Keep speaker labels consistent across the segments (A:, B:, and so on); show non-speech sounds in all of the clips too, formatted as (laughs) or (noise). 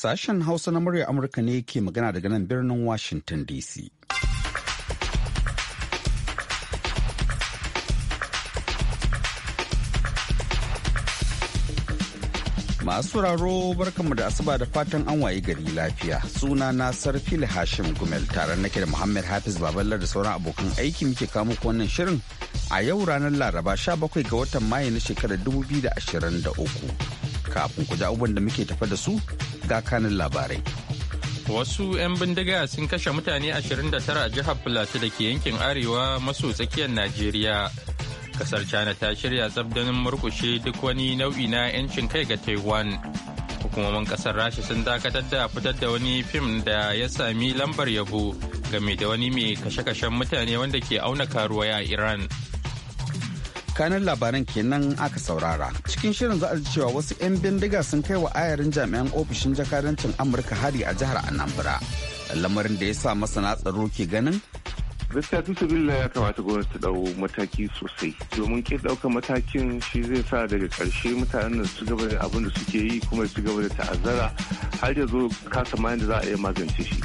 A: Sashen Hausa na murya Amurka ne ke magana daga nan birnin Washington DC. Masu raro barkanmu da asuba da fatan an waye gari lafiya. Suna na Sarfil Hashim Gumel tare nake da Muhammad Hafiz Baballa da sauran abokan aiki muke kamo wannan shirin a yau ranar Laraba 17 ga watan Mayu na shekarar 2023. Kafin ku ji abubuwan da muke tafa da su kanin labarai.
B: Wasu 'yan bindiga sun kashe mutane 29 a jihar Filato da ke yankin Arewa maso tsakiyar Najeriya. Kasar China ta shirya tsabdanin murkushe duk wani nau'i na 'yancin kai ga Taiwan. Hukumomin kasar Rasha sun dakatar da fitar da wani fim da ya sami lambar yabo game da wani mai kashe-kashen mutane wanda ke auna karuwa a Iran.
A: kanan labaran kenan aka saurara cikin shirin za a ji cewa wasu 'yan bindiga sun kai wa ayarin jami'an ofishin jakadancin amurka hari a jihar anambra lamarin da ya sa masana tsaro ke ganin
C: gaskiya tun sabila ya kamata gwamnati ta dau mataki sosai domin ke ɗaukar matakin shi zai sa daga ƙarshe mutanen da su gaba da abin da suke yi kuma su gaba da ta'azzara har ya zo kasa da za a iya magance shi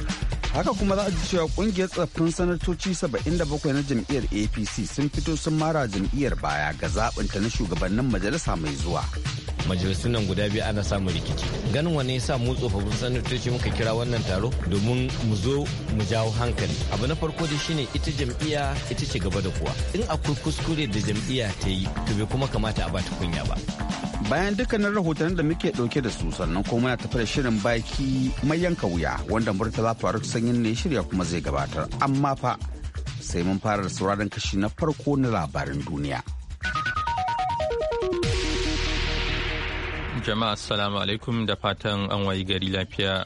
A: haka kuma za a ji cewa kungiyar tsaffin sanatoci 77 na jam'iyyar apc sun fito sun mara jam'iyyar baya ga zaɓinta na shugabannin majalisa mai zuwa
D: majalisun nan guda biyu ana samun rikici ganin wane ya sa mu tsofaffin sanatoci muka kira wannan taro domin mu zo mu jawo hankali abu na farko da shine ita jam'iyya ita ce gaba da kuwa in akwai kuskure da jam'iyya ta yi to bai kuma kamata a
A: bata kunya ba bayan dukkanin rahoton da muke dauke da su sannan kuma muna tafi da shirin baki mai yanka wuya wanda murtala faruk sun yin ne shirya kuma zai gabatar amma fa sai mun fara da sauraron kashi na farko na labarin duniya.
B: Jama'a assalamu alaikum da fatan an wayi gari lafiya.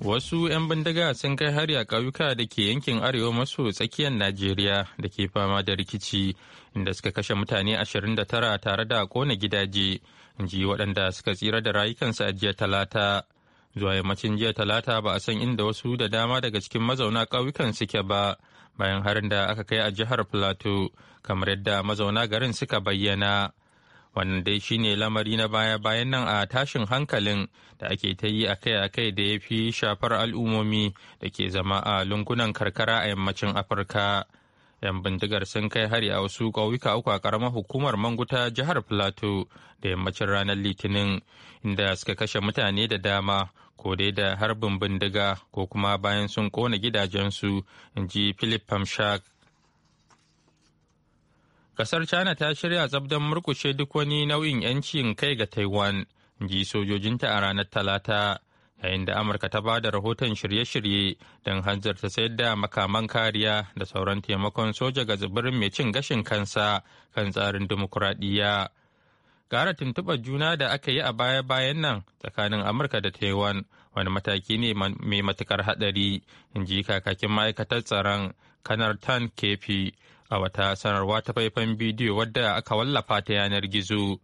B: Wasu 'yan bindiga sun kai har a ƙauyuka da ke yankin arewa maso tsakiyar Najeriya da ke fama da rikici inda suka kashe mutane 29 tare da kona gidaje, in ji waɗanda suka tsira da rayukansu a jiya talata. zuwa yammacin jiya talata ba a san inda wasu da dama daga cikin mazauna ƙauyukan suke ba bayan harin da aka kai a jihar plateau kamar yadda mazauna garin suka bayyana wannan dai shine lamari na baya-bayan nan a tashin hankalin da ake ta yi akai-akai da ya fi shafar al'ummomi da ke zama a lungunan karkara a yammacin afirka. 'Yan bindigar sun kai hari a wasu ƙauyuka uku a karamar hukumar manguta jihar Filato da yammacin ranar Litinin, inda suka kashe mutane da dama ko dai da harbin bindiga ko kuma bayan sun kona gidajensu, in ji Philip Hamshak. Kasar China ta shirya zabdan murkushe duk wani nau'in 'yancin kai ga Taiwan, in ji sojojinta a ranar Talata. yayin da amurka ta ba da rahoton shirye-shirye don hanzarta sayar da makaman kariya da sauran taimakon soja ga tsibirin mai cin gashin kansa kan tsarin dimokuraɗiyya gara tuntuɓar juna da aka yi a baya-bayan nan tsakanin amurka da taiwan wani mataki ne mai matukar haɗari in ji kakakin ma'aikatar tsaron kanar tan kefi a wata sanarwa ta faifan bidiyo wadda aka wallafa ta yanar gizo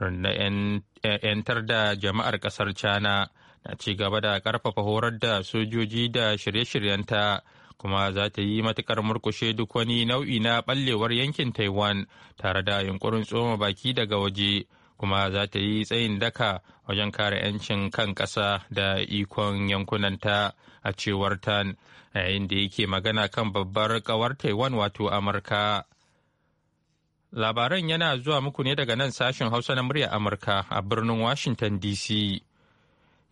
B: rundunar 'yantar da jama'ar ƙasar china na ci gaba da karfafa horar da sojoji da shirye-shiryenta kuma za ta yi matukar murkushe duk wani nau'i na ballewar yankin taiwan tare da yunkurin tsoma baki daga waje kuma za ta yi tsayin daka wajen kare 'yancin kan ƙasa da ikon yankunanta a cewar tan yayin da yake magana kan babbar kawar taiwan wato amurka labaran yana zuwa muku ne daga nan sashen hausa na murya amurka a birnin washington dc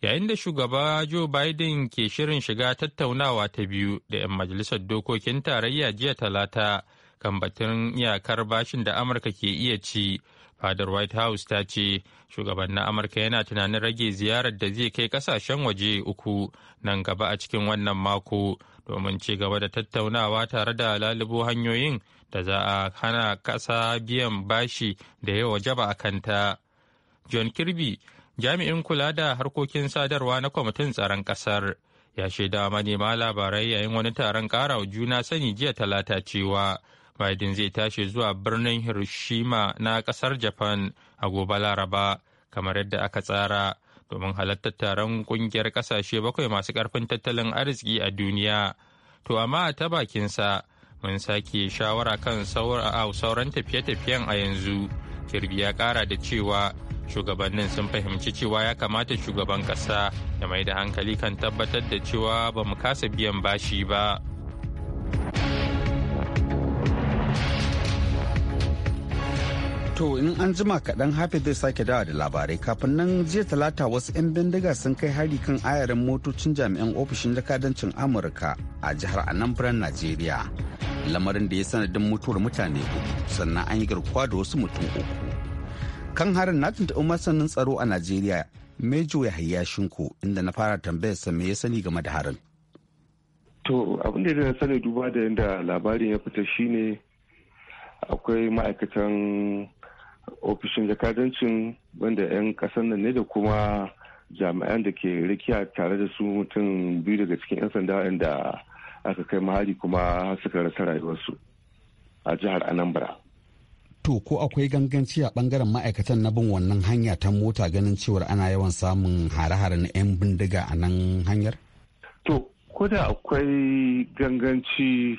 B: yayin da shugaba joe biden ke shirin shiga tattaunawa ta biyu da 'yan majalisar dokokin tarayya jiya talata kan batun iyakar bashin da amurka ke iya ci fadar white house ta ce shugaban na amurka yana tunanin rage ziyarar da zai kai kasashen waje uku nan gaba a cikin wannan mako domin ci gaba da tattaunawa tare da lalubo hanyoyin da za a hana kasa biyan bashi da ya wajaba a kanta john kirby jami'in kula da harkokin sadarwa na kwamitin tsaron ƙasar ya shaida manema labarai yayin wani taron karawa juna sani jiya talata cewa biden zai tashi zuwa birnin hiroshima na ƙasar japan a gobe laraba kamar yadda aka tsara domin halartar taron ƙungiyar ƙasashe bakwai masu ƙarfin tattalin arziki a duniya to amma ta bakinsa mun sake shawara kan sauran tafiye-tafiyen a yanzu kirby ya ƙara da cewa shugabannin sun fahimci cewa ya kamata shugaban kasa ya mai da hankali kan tabbatar da cewa ba mu kasa biyan bashi ba
A: To in an jima kaɗan hafi zai sake dawa da labarai kafin nan jiya talata wasu 'yan bindiga sun kai hari kan ayarin motocin jami'an ofishin jakadancin Amurka a jihar Anambra Najeriya. Lamarin da ya sanadin mutuwar mutane uku sannan an yi garkuwa da wasu mutum uku. kan harin na tuntuɓi masanin tsaro a najeriya mejo yahaya shinko inda na fara tambayar sa me ya sani game da harin
C: to abin da na sani duba da yadda labarin ya fita shine akwai ma'aikatan ofishin jakadancin wanda 'yan kasan nan ne da kuma jami'an da ke rikiya tare da su mutum biyu daga cikin 'yan sanda inda aka kai mahari kuma suka rasa rayuwarsu a jihar anambra
A: to ko akwai ganganci a bangaren ma'aikatan na bin wannan hanya ta mota ganin cewar ana yawan samun hare-hare na 'yan bindiga a
C: nan hanyar? To, ko da akwai ganganci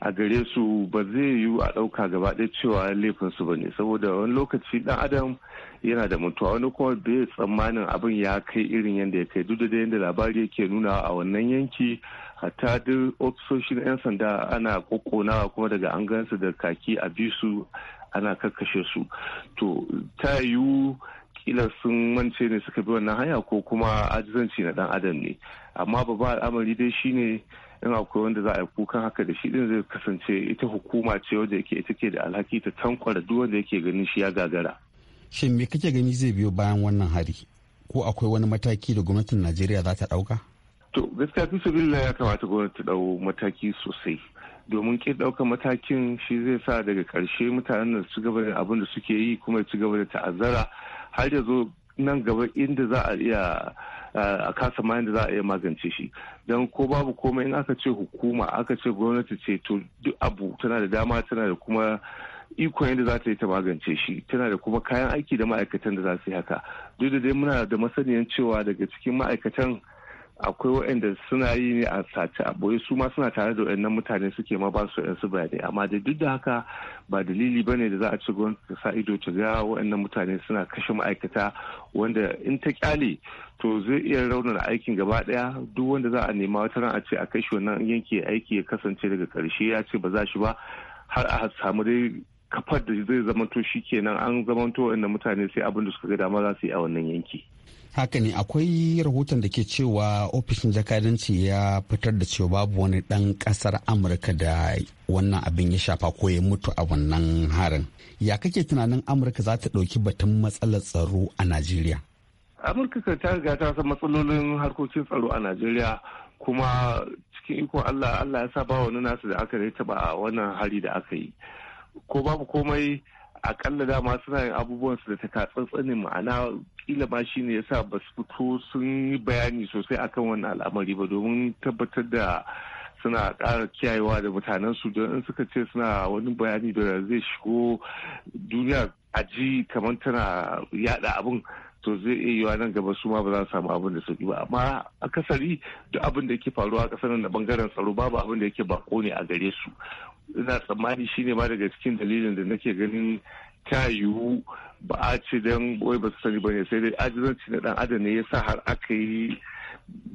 C: a gare su ba zai yiwu a ɗauka gaba ɗaya cewa laifin su ba ne saboda wani lokaci ɗan adam yana da mutuwa wani kuma bai tsammanin abin ya kai irin yadda ya kai duk da yadda labari yake nuna a wannan yanki hatta duk ofisoshin 'yan sanda ana kokonawa kuma daga an gansu da kaki a bisu ana kakkashe su to ta yiwu kila sun mance ne suka bi wannan hanya ko kuma ajizanci na dan adam ne amma babban al'amari dai shine in akwai wanda za a yi kukan haka da shi din zai kasance ita hukuma ce wanda yake ita ke da alhaki ta tankwara duk wanda yake ganin shi ya gagara
A: shin me kake gani zai biyo bayan wannan hari ko akwai wani mataki da gwamnatin najeriya za ta dauka
C: to gaskiya fi ya kamata gwamnati ta dau mataki sosai domin ƙin ɗaukar matakin shi zai sa daga ƙarshe mutanen da su gaba da abin da suke yi kuma su gaba da ta'azzara har ya zo nan gaba inda za a iya a kasa ma da za a iya magance shi don ko babu komai in aka ce hukuma aka ce gwamnati ce to duk abu tana da dama tana da kuma ikon yadda za ta yi ta magance shi tana da kuma kayan aiki da ma'aikatan da za su yi haka duk da dai muna da masaniyan cewa daga cikin ma'aikatan akwai waɗanda suna yi ne a sace a boye su ma suna tare da waɗannan mutane suke ma basu su su bayanai amma da duk da haka ba dalili bane da za a ci gwamnati ta sa ido ta ga waɗannan mutane suna kashe ma'aikata wanda in ta kyale to zai iya raunar aikin gaba daya duk wanda za a nema wata ran a ce a kai shi wannan yanke aiki ya kasance daga karshe ya ce ba za shi ba har a samu dai kafar da zai zamanto shi kenan an zamanto wanda mutane sai abin da suka ga dama za su yi a wannan yanki.
A: haka ne akwai rahoton da ke cewa ofishin jakadanci ya fitar da cewa babu wani ɗan kasar amurka da wannan abin ya shafa ko ya mutu a wannan harin ya kake tunanin amurka za ta ɗauki batun matsalar tsaro a najeriya
C: amurka ta riga ta san matsalolin harkokin tsaro a najeriya kuma cikin iko allah allah ya sa ba wani nasu da aka taba wannan hari da aka yi ko babu komai akalla dama suna yin abubuwan su da ta tsantsanin ma'ana kila ma shi ne yasa ba su fito sun yi bayani sosai akan wannan al'amari ba domin tabbatar da suna ƙara kiyayewa da mutanen su don in suka ce suna wani bayani da zai shigo duniya aji ji kamar tana yada abun to zai iya yiwa nan gaba su ma ba za su samu abin da sauki ba amma akasari duk abin da yake faruwa a kasar nan da bangaren tsaro babu abin da yake bako ne a gare su ina tsammani shi ne ma daga cikin dalilin da nake ganin ta yiwu ba a ce don wai ba su sani ba ne sai dai ajizanci na dan adam ne ya sa har aka yi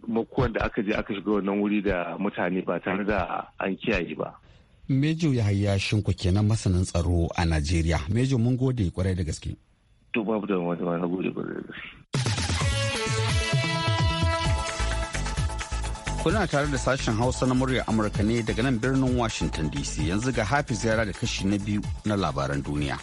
C: makuwan da aka je aka shiga wannan wuri da mutane ba tare da an kiyaye ba.
A: Mejo ya Yahaya Shinku kenan masanin tsaro a Najeriya. Mejo mun gode kwarai da gaske.
C: To babu da wani gode kwarai da gaske.
A: kuna tare da sashen hausa na muryar amurka ne daga nan birnin washington dc yanzu ga hafi ziyara da kashi na biyu na labaran duniya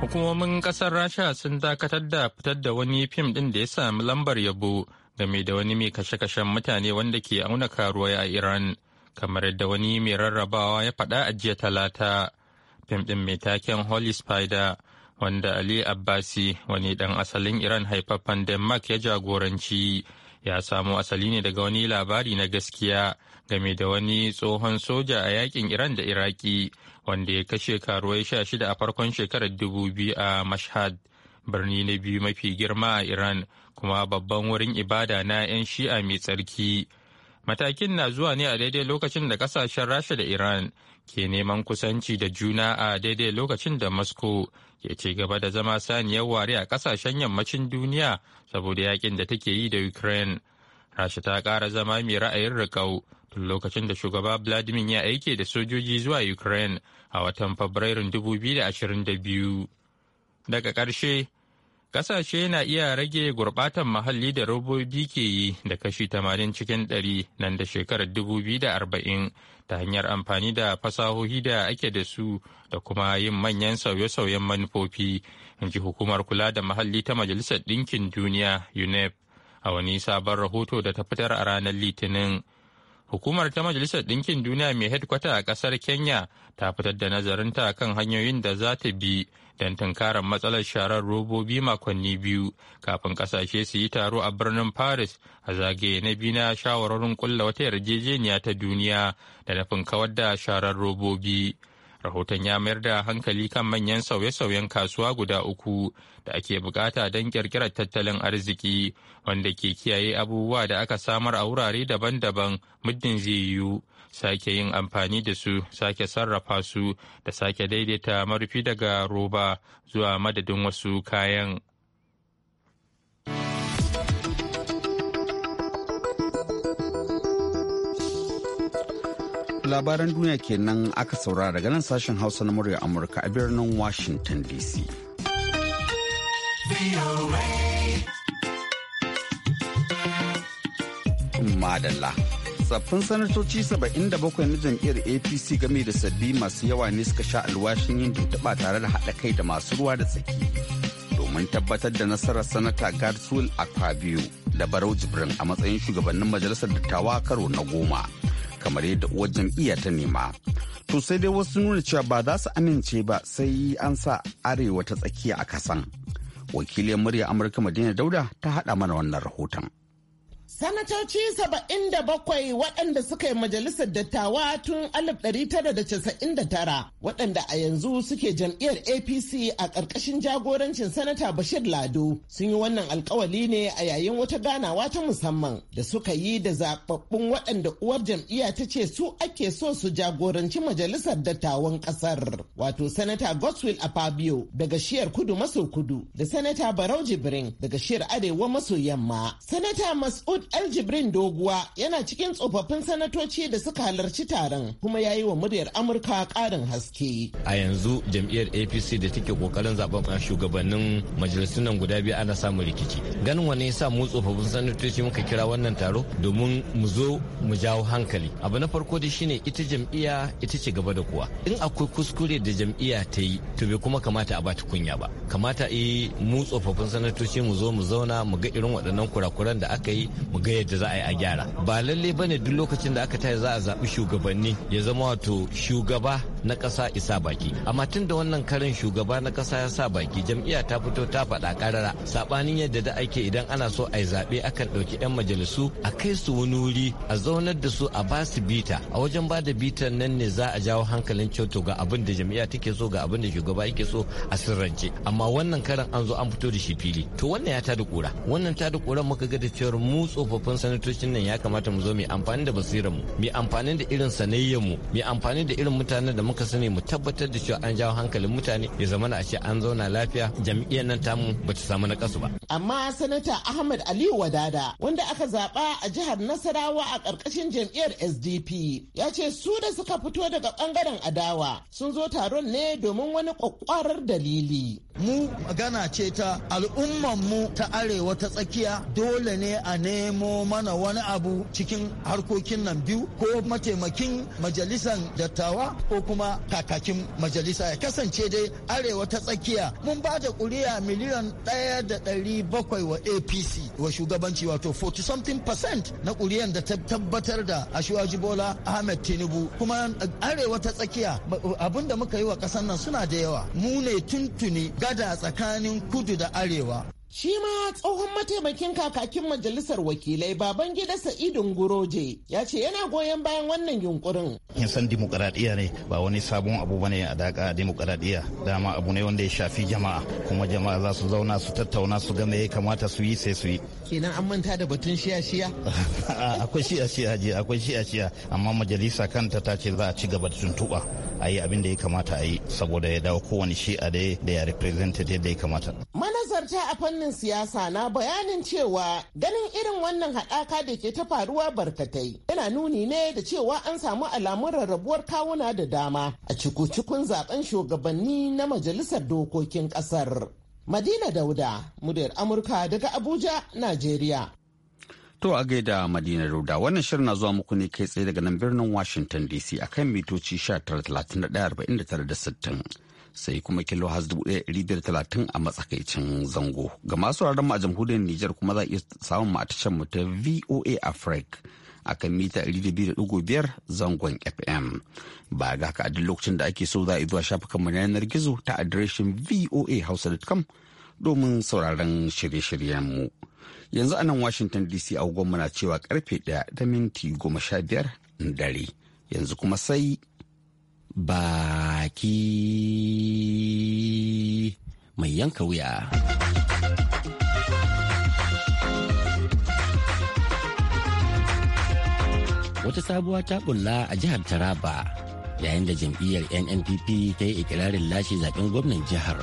B: hukumomin kasar rasha sun dakatar da fitar da wani fim din da ya sami lambar yabo game da wani mai kashe-kashen mutane wanda ke auna karuwa a iran kamar yadda wani mai rarrabawa ya faɗa a jiya talata fim din mai taken holy spider wanda Ali Abbasi wani ɗan asalin Iran haifaffen Denmark ya jagoranci ya samo asali ne daga wani labari na gaskiya game da wani tsohon soja a yakin Iran da Iraki wanda ya kashe karuwai sha shida a farkon shekarar dubu biyu a Mashhad birni na biyu mafi girma a Iran kuma babban wurin ibada na 'yan shi'a mai tsarki. Matakin na zuwa ne a daidai lokacin da kasashen Rasha da Iran ke neman kusanci da juna a daidai lokacin da Moscow ke ci gaba da zama saniyar ware a kasashen yammacin duniya saboda yakin da take yi da Ukraine. Rasha ta kara zama mai ra'ayin riƙau tun lokacin da shugaba Vladimir ya aike da sojoji zuwa Ukraine a watan Fabrairun 2022. Daga ƙarshe, kasashe na iya rage gurbatan mahalli da robobi ke yi da kashi 80 cikin 100 nan da shekarar dubu biyu da arba'in ta hanyar amfani da fasahohi da ake da su da kuma yin manyan sauye-sauyen manufofi, in ji hukumar kula da mahalli ta Majalisar Ɗinkin Duniya UNEP a wani sabon rahoto da ta fitar a ranar Litinin. Hukumar ta Majalisar Ɗinkin Duniya mai hedkwata a kasar Kenya ta fitar da nazarinta kan hanyoyin da za ta bi don tunkarar matsalar sharar robobi makonni biyu kafin kasashe su yi taro a birnin paris a zagaye na biyu na shawararin kulla wata yarjejeniya ta duniya da nufin kawar da sharar robobi. rahoton ya mayar da hankali kan manyan sauye-sauyen kasuwa guda uku da ake bukata don kirkirar tattalin arziki wanda ke kiyaye abubuwa da aka samar a wurare daban-daban muddin zai yiwu sake yin amfani da su sake sarrafa su da sake daidaita marufi daga roba zuwa madadin wasu kayan.
A: labaran duniya kenan aka saurara daga nan sashen hausa na murya amurka a birnin washington dc madalla tsaffin sanatoci 77 na jam'iyyar apc game da sabbi masu yawa ne suka sha alwashin yin tuntuɓa tare da haɗa kai da masu ruwa da tsaki domin tabbatar da nasarar sanata gadsul akpabio da barau jibrin a matsayin shugabannin majalisar dattawa karo na goma kamar yadda uwar jam'iyya ta nema. To sai dai wasu nuna cewa ba za su amince ba sai an sa arewa ta tsakiya a kasan. Wakiliyar murya Amurka Madina Dauda ta haɗa mana wannan rahoton.
E: Sanatoci 77 waɗanda suka yi majalisar dattawa tun 1999 waɗanda a yanzu suke jam'iyyar APC a ƙarƙashin jagorancin Sanata Bashir Lado sun yi wannan alkawali ne a yayin wata ganawa ta musamman da suka yi da zaɓaɓɓun waɗanda uwar jam'iyya ta ce su ake so su jagoranci majalisar dattawan ƙasar. Wato Sanata Godswill Apabio daga shiyar kudu maso kudu da Sanata Barau Jibrin daga shiyar arewa maso yamma. Sanata Mas'ud aljibrin Doguwa yana cikin tsofaffin sanatoci da suka halarci taron kuma ya yi wa muryar Amurka ƙarin haske.
D: A yanzu jam'iyyar APC da take kokarin zaben shugabannin majalisun guda biyu ana samun rikici. Ganin wani yasa mu tsofaffin sanatoci muka kira wannan taro domin mu zo mu jawo hankali. Abu na farko dai shine ita jam'iyya ita ce gaba da kowa. In akwai kuskure da jam'iyya ta yi to bai kuma kamata a bata kunya ba. Kamata yi eh, mu tsofaffin sanatoci mu zo mu zauna mu ga irin waɗannan kurakuran da aka yi mu ga yadda za a yi a gyara ba lalle bane duk lokacin da aka tayi za a zaɓi shugabanni ya zama wato shugaba na ƙasa isa baki amma tun da wannan karin shugaba na ƙasa ya sa baki jam'iyya ta fito ta faɗa ƙarara saɓanin yadda da ake idan ana so a yi zaɓe akan ɗauki 'yan majalisu a kai su wani wuri a zaunar da su a ba su bita a wajen ba da bitan nan ne za a jawo hankalin coto ga abin da jam'iyya take so ga abin da shugaba yake so a sirrance amma wannan karin an zo an fito da shi fili to wannan ya tada kura wannan tada kura muka ga da cewar mu tsofaffin sanatocin nan ya kamata mu zo mu amfani da basirar mu mu amfani da irin sanayyarmu mu amfani da irin mutanen da muka sani mu tabbatar da cewa an jawo hankalin mutane ya zama a ce an zauna lafiya jam'iyyar nan tamu ba ta samu nakasu ba.
E: Amma sanata Ahmad Aliyu Wadada wanda aka zaba a jihar Nasarawa a ƙarƙashin jam'iyyar SDP ya ce su da suka fito daga ɓangaren adawa sun zo taron ne domin wani kwakwarar dalili. Mu magana ce ta al'umman mu ta arewa ta tsakiya dole ne a nemo mana wani abu cikin harkokin
F: nan biyu ko mataimakin majalisar dattawa ko kuma kakakin majalisa ya kasance dai arewa ta tsakiya mun ba da kuri'a miliyan ɗaya da ɗari bakwai wa apc wa shugabanci wato 40 something percent na kuri'an da ta tabbatar da ashiwaji bola ahmed tinubu kuma arewa ta tsakiya abin da muka yi wa
E: kasan nan suna da yawa mu ne tuntuni gada tsakanin kudu da arewa Shi ma tsohon mataimakin kakakin majalisar wakilai baban gida Sa'idun Guroje ya ce yana goyon bayan wannan yunkurin.
A: Kin san dimokuraɗiyya ne ba wani sabon abu bane a daƙa dimokuraɗiyya dama abu ne wanda ya shafi jama'a kuma jama'a za su zauna su tattauna su game ya kamata su yi sai su yi.
E: Kenan an manta da batun shiya shiya?
A: (laughs) Akwai shiya shiya je akwai shiya shiya amma majalisa kanta ta ce za a ci gaba da tuntuɓa a yi abin da ya kamata a yi saboda ya dawo kowane shi'a da ya represented yadda ya kamata.
E: manazarta a fannin siyasa na bayanin cewa ganin irin wannan haɗaka da ke ta faruwa barkatai yana nuni ne da cewa an samu alamun rarrabuwar kawuna da dama a ciku-cikun zaben shugabanni na majalisar dokokin ƙasar. Madina Dauda, muryar Amurka daga Abuja, Najeriya.
A: To a gaida Madina Dauda, wannan shirin na zuwa muku ne kai tsaye daga nan birnin Washington DC akan mitoci 1931 da 60. sai kuma kilo has talatin a matsakaicin zango. Ga masu mu a jamhuriyar Nijar kuma za a iya samun mu a tashar mu ta VOA Africa a kan mita da da biyar zangon FM. Ba ga haka a duk lokacin da ake so za a zuwa shafukan mu yanar gizo ta adireshin voahausa.com domin sauraron shirye-shiryen mu. Yanzu anan nan Washington DC a na cewa karfe ɗaya da minti goma sha biyar dare. Yanzu kuma sai baki
G: mai yanka wuya. Wata sabuwa ta bulla a jihar Taraba yayin da jam'iyyar NNPP ta yi ikirarin lashe zaben gwamnan jihar.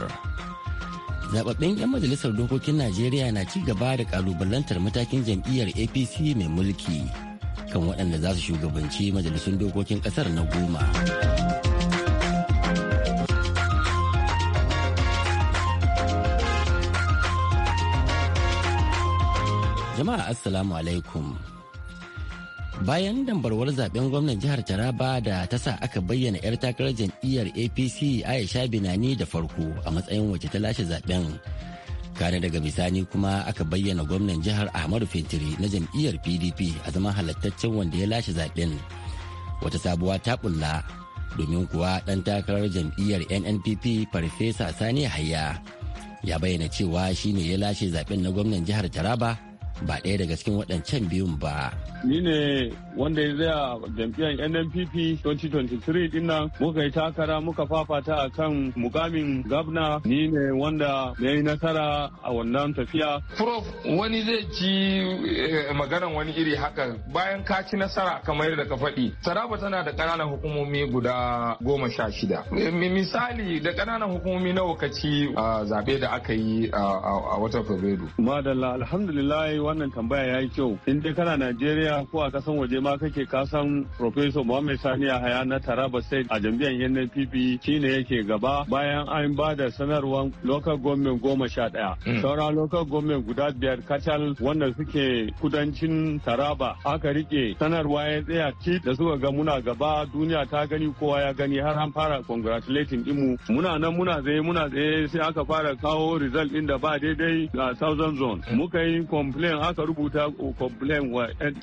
G: Zababben 'yan majalisar dokokin Najeriya na ci gaba da kalubalantar matakin jam'iyyar APC mai mulki. kan waɗanda za su shugabanci majalisun dokokin ƙasar na goma. Jama'a Assalamu alaikum. Bayan dambarwar zaben gwamnan jihar Taraba da ta sa aka bayyana 'yar takarar jam'iyyar APC Aisha Binani da farko a matsayin wacce ta lashe zaben. kane daga bisani kuma aka bayyana gwamnan jihar ahmadu fintiri na jam'iyyar pdp a zaman halattaccen wanda ya lashe zaɓen wata sabuwa ta bulla domin kuwa ɗan takarar jam'iyyar nnpp farfesa sani hayya ya bayyana cewa shine ya lashe zaɓen na gwamnan jihar taraba ba ɗaya daga cikin waɗancan biyun ba.
H: Ni ne wanda ya zaya jam'iyyar NNPP 2023 din nan muka yi takara muka fafata a kan mukamin gabna ni ne wanda ya yi nasara a wannan tafiya. Prof wani zai ci eh, maganan wani iri haka bayan ka ci nasara
I: kamar da ka faɗi. Taraba tana da ƙananan hukumomi guda goma sha shida. Eh, misali da ƙananan hukumomi nawa ka ci zaɓe da aka yi a watan Fabrairu.
H: Madalla alhamdulillah wannan tambaya ya yi kyau. In dai kana Najeriya ko a kasan waje ma kake kasan Professor Muhammad Sani Yahaya na Taraba State a jam'iyyar NNPP shine yake gaba bayan an ba da sanarwar local government goma sha daya. Hmm. Sauran local government guda biyar kacal wanda suke kudancin Taraba aka rike sanarwa ya tsaya ci da suka ga muna gaba duniya ta gani kowa ya gani har an fara congratulating dinmu muna nan muna tsaye muna tsaye sai aka fara kawo result din da ba daidai a Southern Zone. Hmm. Muka yi complain complain aka rubuta complain wa eh,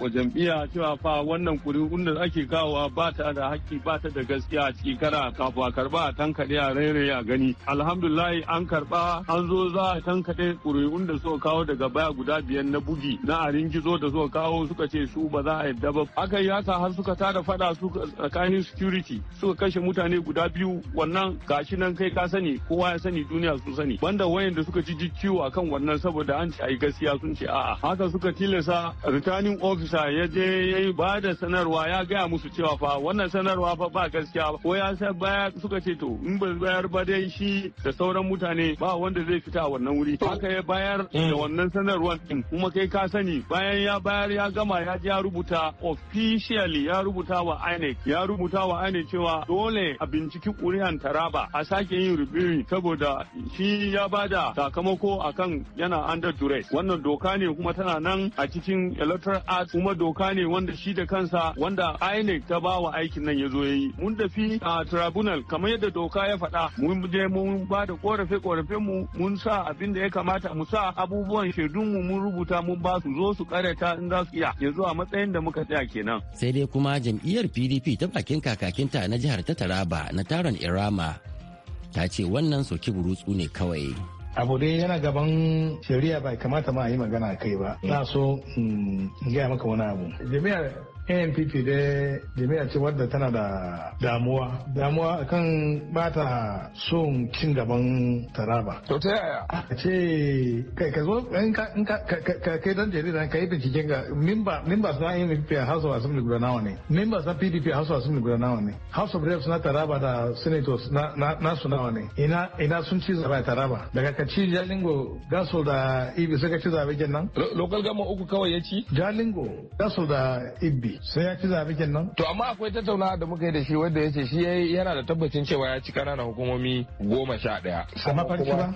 H: wa jam'iyya cewa fa wannan kuri'un da ake kawowa ba ta da haƙƙi ba ta da gaskiya a ciki kara a karba a tankaɗe a rairaye a gani alhamdulillah an karba an zo za a tankaɗe kuri'un da suka kawo daga baya guda biyar na bugi na a ringizo da suka kawo suka ce su ba za a yadda ba aka yi haka har suka tada fada su tsakanin security suka kashe mutane guda biyu wannan gashi nan kai ka sani kowa ya sani duniya su sani banda wayanda suka ji ciwo akan wannan saboda an ci a yi gaskiya gaskiya sun ce a'a haka suka tilasta returning officer ya je ya yi ba da sanarwa ya gaya musu cewa fa wannan sanarwa fa ba gaskiya ko ya sa baya suka ce to in ba bayar ba dai shi da sauran mutane ba wanda zai fita a wannan wuri haka ya bayar da eh. wannan sanarwar din kuma kai ka sani bayan ya bayar ya gama ya ya rubuta officially ya rubuta wa INEC ya rubuta wa INEC cewa dole a binciki kuri'an taraba a sake yin rubiri saboda shi ya bada sakamako akan yana under duress wannan wannan doka ne kuma tana nan a cikin electoral act kuma doka ne wanda shi da kansa wanda INEC ta ba wa aikin nan ya zo ya yi. Mun tafi a tribunal kamar yadda doka ya faɗa mun je mun ba da korafe korafe mu mun sa abin da ya kamata mu sa abubuwan shaidun mu mun rubuta mun ba su zo su karata in za su iya ya zo a matsayin da muka tsaya
G: kenan. Sai dai kuma jam'iyyar PDP ta bakin kakakinta na jihar ta Taraba na taron Irama ta ce wannan soki burutsu ne kawai.
J: abu dai yana gaban shari'a bai kamata ma a yi magana kai ba na so in gaya maka wani abu jami'ar ANPP dai jami'a ce wadda tana da damuwa damuwa kan bata son cin gaban taraba to ta yaya a ce kai ka zo in ka kai dan jarida ka yi binciken ga memba memba na ANPP a House of Assembly guda nawa ne memba na PDP a House of Assembly guda nawa ne House of Reps na taraba da senators na na su nawa ne ina ina sun ci zaɓe taraba daga ka ci Jalingo gasol
I: da Ibi suka ci zaɓe kenan local gama uku kawai ya ci Jalingo
J: Gasol da Ibi sai ya ci zabe kenan to
I: amma akwai tattaunawa da muka yi da shi wanda yace shi yana da tabbacin cewa ya ci kananan hukumomi goma sha ɗaya. a mafarki ba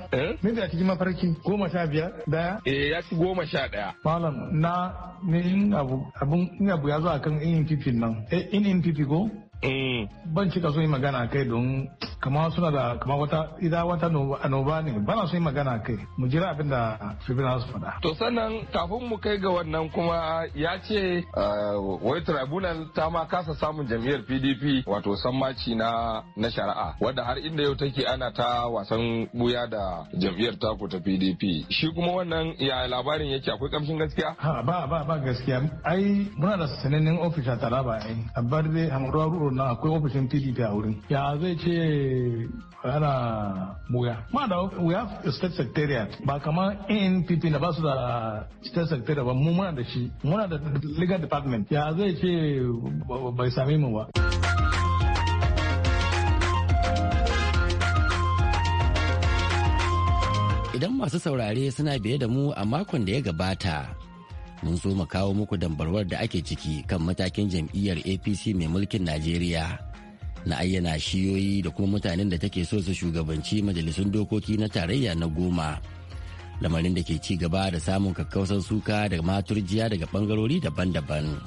J: me eh? da cikin mafarki goma sha biyar daya
I: eh ya ci goma sha ɗaya.
J: malam na ne in abu abun in abu ya zo akan inin fifin nan eh in fifi ko Eh. ban cika so yi magana kai don kama suna da kama wata idan wata anoba ne bana so yi magana kai mu jira abin da
I: tribunal su faɗa. to sannan kafin mu kai ga wannan kuma ya ce eh, wai tribunal ta ma kasa samun jam'iyyar pdp wato sammaci na na shari'a wadda har inda yau take ana ta wasan buya da jam'iyyar taku ta pdp shi kuma wannan ya labarin yake akwai kamshin gaskiya.
J: ba ba ba gaskiya ai muna da sanannen ofisha talaba ai abbar dai hamadu road na akwai ofishin pdp a wurin ya zai ce ana muya. ma da wuya state secretariat ba kamar anpp na ba su da state secretariat ba mu muna da shi muna da legal department ya zai
G: ce bai sami mu ba idan masu saurare suna biye da mu a makon da ya gabata mun so mu kawo muku dambarwar da ake ciki kan matakin jam'iyyar apc mai mulkin najeriya na ayyana shiyoyi da kuma mutanen da take so su shugabanci majalisun dokoki na tarayya na goma lamarin da ke ci gaba da samun kakkausan suka da maturjiya daga bangarori daban-daban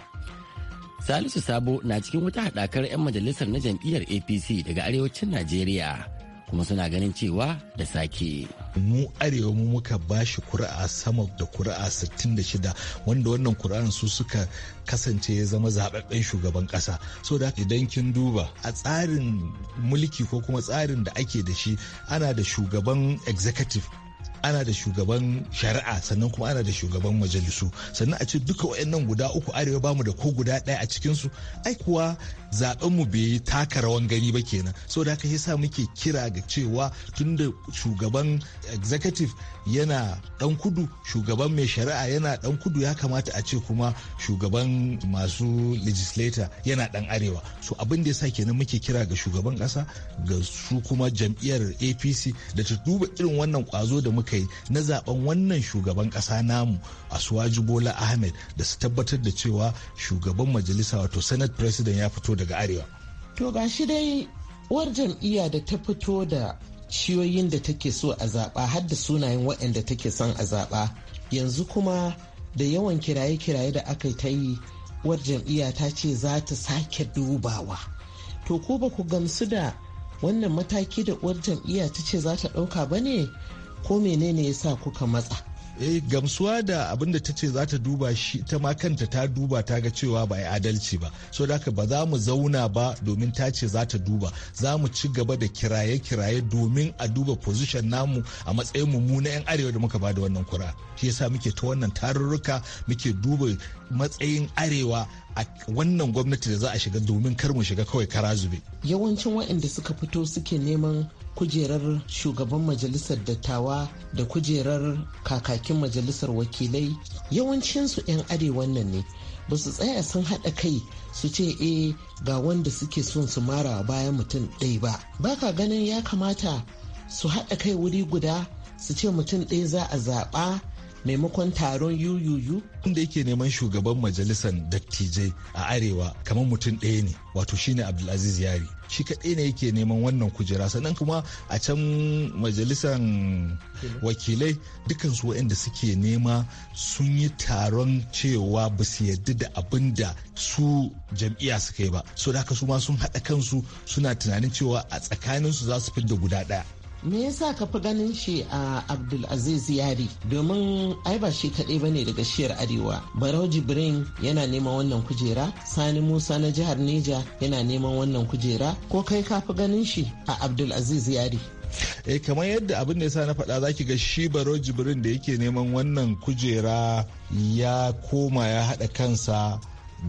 G: salisu sabo na cikin wata haɗakar 'yan majalisar na jam'iyyar apc daga arewacin najeriya kuma suna ganin cewa da sake.
F: mu arewa mu muka bashi kuri'a sama da kuri'a 66 wanda wannan kuri'an su suka kasance ya zama zababben shugaban ƙasa so da idan kin duba a tsarin mulki ko kuma tsarin da ake da shi ana da shugaban executive ana da shugaban shari'a sannan kuma ana da shugaban majalisu sannan a ce duka wayannan guda uku arewa bamu da ko guda ɗaya a cikinsu ai kuwa zaben mu bai taka rawan gani ba kenan saboda haka yasa muke kira ga cewa tunda shugaban executive yana dan kudu shugaban mai shari'a yana dan kudu ya kamata a ce kuma shugaban masu legislator yana dan arewa so abin da yasa kenan muke kira ga shugaban kasa ga su kuma jam'iyyar APC da ta duba irin wannan kwazo da muka kai na zaben wannan shugaban kasa namu a asuwaji bola ahmed da su tabbatar da cewa shugaban majalisa wato senate president ya fito daga arewa
E: to ga shi dai uwar jam'iyya da ta fito da ciyoyin da take so a zaɓa har da sunayen waɗanda take son a zaɓa yanzu kuma da yawan kiraye-kiraye da aka ta yi uwar jam'iyya ta ce za ta sake dubawa to ko ba ku gamsu da wannan mataki da uwar jam'iyya ta ce za ta ɗauka ba ne ko menene ya sa kuka matsa
F: eh gamsuwa da abin da ta ce za ta duba shi ta ma kanta ta duba ta ga cewa ba ya adalci ba so da ba za mu zauna ba domin ta ce za ta duba za mu ci gaba da kiraye-kiraye domin a duba position namu a matsayin mu mu na 'yan arewa da muka ba da wannan kura shi yasa muke ta wannan tarurruka muke duba matsayin arewa a wannan gwamnati da za a shiga domin kar mu shiga kawai kara zube
E: yawancin waɗanda suka fito suke neman kujerar shugaban majalisar dattawa da kujerar kakakin majalisar wakilai yawancinsu 'yan arewan nan ne ba su tsaya sun haɗa kai su ce e ga wanda suke son su mara bayan mutum ɗaya ba ba ka ganin ya kamata su haɗa kai wuri guda su ce mutum ɗaya za a zaɓa maimakon taron yuyuyu da yake neman shugaban majalisar dattijai
F: a arewa kamar mutum ɗaya ne wato shine abdulaziz yari shi kaɗai ne yake neman wannan kujera sannan kuma a can majalisar wakilai su waɗanda suke nema sun yi taron cewa ba su yarda da abin da su jam'iyya suka yi ba so da haka su ma sun haɗa kansu suna tunanin cewa a tsakaninsu za su da guda ɗaya
E: me yasa ka fi ganin shi a abdulaziz yari domin ai ba shi kaɗai ba ne daga shiyar arewa barau jibrin yana neman wannan kujera sani musa na jihar neja yana neman wannan kujera ko kai ka fi ganin shi a abdulaziz yari
F: eh kamar yadda abin da yasa na faɗa zaki ga shi baro jibrin da yake neman wannan kujera ya koma ya haɗa kansa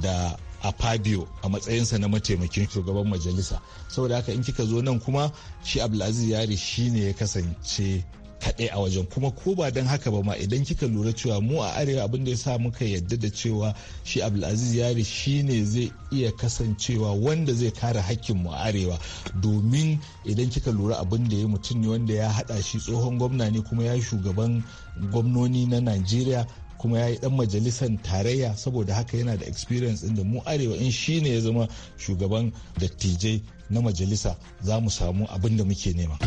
F: da a fabio a matsayinsa na mataimakin shugaban majalisa saboda haka in kika zo nan kuma shi abdulaziz yari shi ne ya kasance kaɗai a wajen kuma ko ba don haka ba ma idan kika lura cewa mu a arewa abin da ya sa muka yadda da cewa shi abdulaziz yari ne zai iya kasancewa wanda zai kare hakkin mu a arewa domin idan kika lura abin da ya mutum ne wanda ya haɗa shi tsohon gwamna ne kuma ya shugaban gwamnoni na najeriya kuma ya yi dan majalisar tarayya saboda haka yana da experience inda mu arewa in shi ne ya zama shugaban dattijai na majalisa za mu samu abin da muke
G: nema.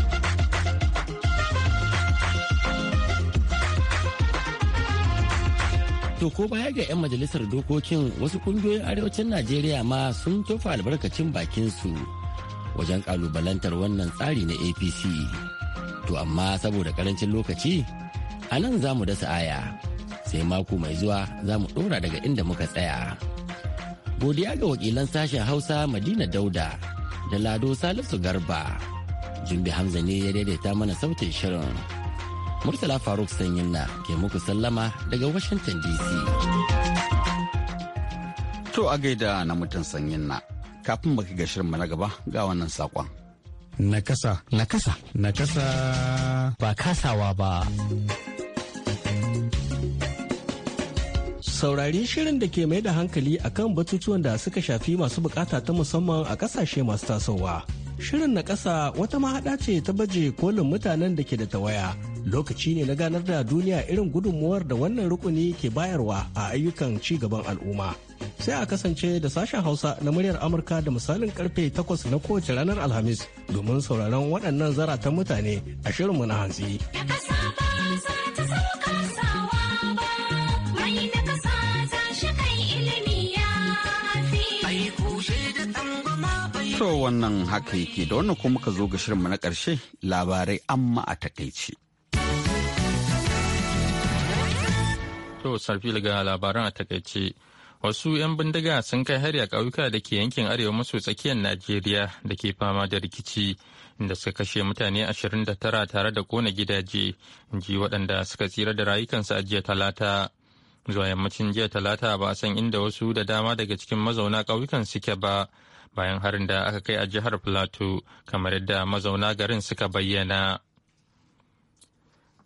G: To ko baya ga 'yan majalisar dokokin wasu kungiyoyin arewacin Najeriya ma sun tofa albarkacin bakin su wajen kalubalantar wannan tsari na APC. To amma saboda karancin lokaci, anan nan za mu dasa aya sai mako mai zuwa za mu ɗora daga inda muka tsaya. Godiya ga wakilan sashen Hausa Madina Dauda da Lado Salisu Garba. Jumbi Hamza ne ya daidaita mana sautin shirin. Murtala Faruk Sanyinna ke muku sallama daga Washington DC. To a gaida
A: na mutum Sanyinna, kafin baki ga shirin na gaba ga wannan saƙon. Nakasa. Nakasa. Nakasa. Ba kasawa ba.
F: saurari shirin da ke mai da hankali akan batutuwan da suka shafi masu bukata ta musamman a kasashe masu tasowa. Shirin na ƙasa wata mahaɗa ce ta baje kolin mutanen da ke da tawaya. Lokaci ne na ganar da duniya irin gudunmuwar da wannan rukuni ke bayarwa a ayyukan ci gaban al'umma. Sai a kasance da sashen Hausa na muryar Amurka da misalin karfe takwas na kowace ranar Alhamis domin sauraron waɗannan zara ta mutane a shirin mu na hantsi.
A: wannan haka yake da wannan kuma ka zo ga shirinmu na ƙarshe labarai amma a takaice.
B: To sarfi ga labaran a takaice. Wasu 'yan bindiga sun kai hari a ƙauyuka da ke yankin arewa maso tsakiyar Najeriya da ke fama da rikici inda suka kashe mutane 29 tare da kona gidaje, ji waɗanda suka tsira da rayukansu a jiya talata. Zuwa yammacin jiya talata ba a san inda wasu da dama daga cikin mazauna ƙauyukan suke ba. bayan harin da aka kai a jihar Plateau kamar yadda mazauna garin suka bayyana.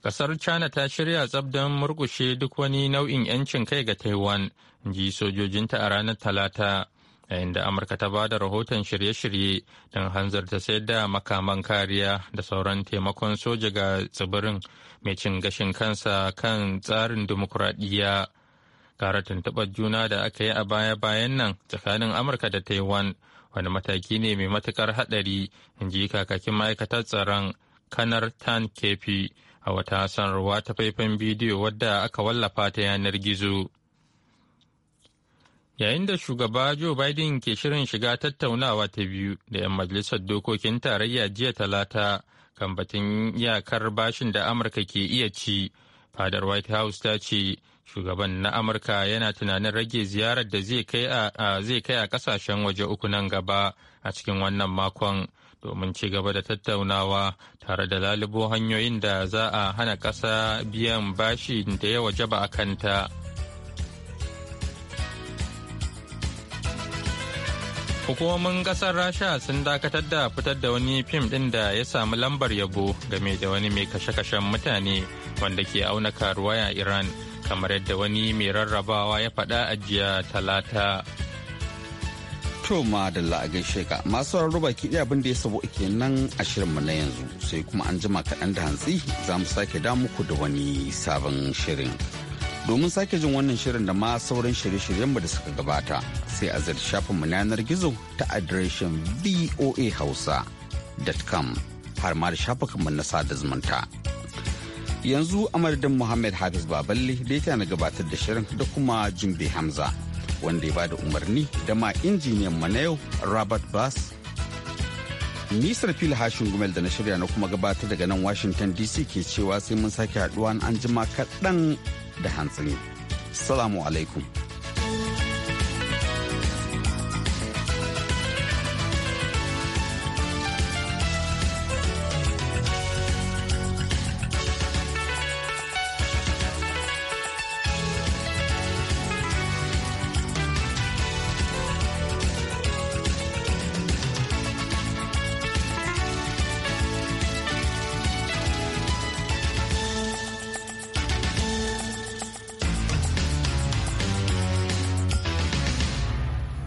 B: ƙasar China ta shirya tsab don murkushe duk wani nau'in 'yancin kai ga Taiwan, ji sojojinta a ranar Talata, yayin da Amurka ta ba da rahoton shirye-shirye don hanzarta sayar da makaman kariya da sauran taimakon soja ga tsibirin mai cin gashin kansa kan tsarin dimokuraɗiyya. Kara tuntuɓar juna da aka yi a baya-bayan nan tsakanin Amurka da Taiwan. wani mataki ne mai matukar haɗari in ji kakakin ma'aikatar tsaron kanar tan kefi a wata sanarwa ta faifan bidiyo wadda aka wallafa ta yanar gizo yayin da shugaba joe biden ke shirin shiga tattaunawa ta biyu da 'yan majalisar dokokin tarayya jiya talata kan batun iyakar bashin da amurka ke iya ci fadar white house ta ce shugaban na amurka yana tunanin rage ziyarar da zai kai a kasashen waje uku nan gaba a cikin wannan makon domin ci gaba da tattaunawa tare da lalubo hanyoyin da za a hana kasa biyan bashi da ya ba a kanta. Hukumomin ƙasar Rasha sun dakatar da fitar da wani fim din da ya samu lambar yabo game da wani mai kashe-kashen mutane wanda ke auna karuwaya Iran kamar yadda wani mai rarrabawa ya faɗa ajiya jiya talata.
A: To da a gaishe sheka masu sauraro baki ke abin da ya sabo nan a shirinmu na yanzu sai kuma an jima kaɗan da hantsi za mu sake da muku da wani sabon shirin. domin sake jin wannan shirin da ma sauran shirye-shiryenmu da suka gabata sai a zai shafinmu na yanar gizo ta adireshin hausa.com har ma da shafukanmu na sada zumunta yanzu amadadin muhammad hafiz baballe da ya na gabatar da shirin da kuma jimbe hamza wanda ya bada umarni da ma injiniyan mu na yau robert bass Nisar fil hashin gumel da na shirya na kuma gabatar daga nan Washington DC ke cewa sai mun sake haduwa an jima kaɗan da hantsini. Salamu alaikum.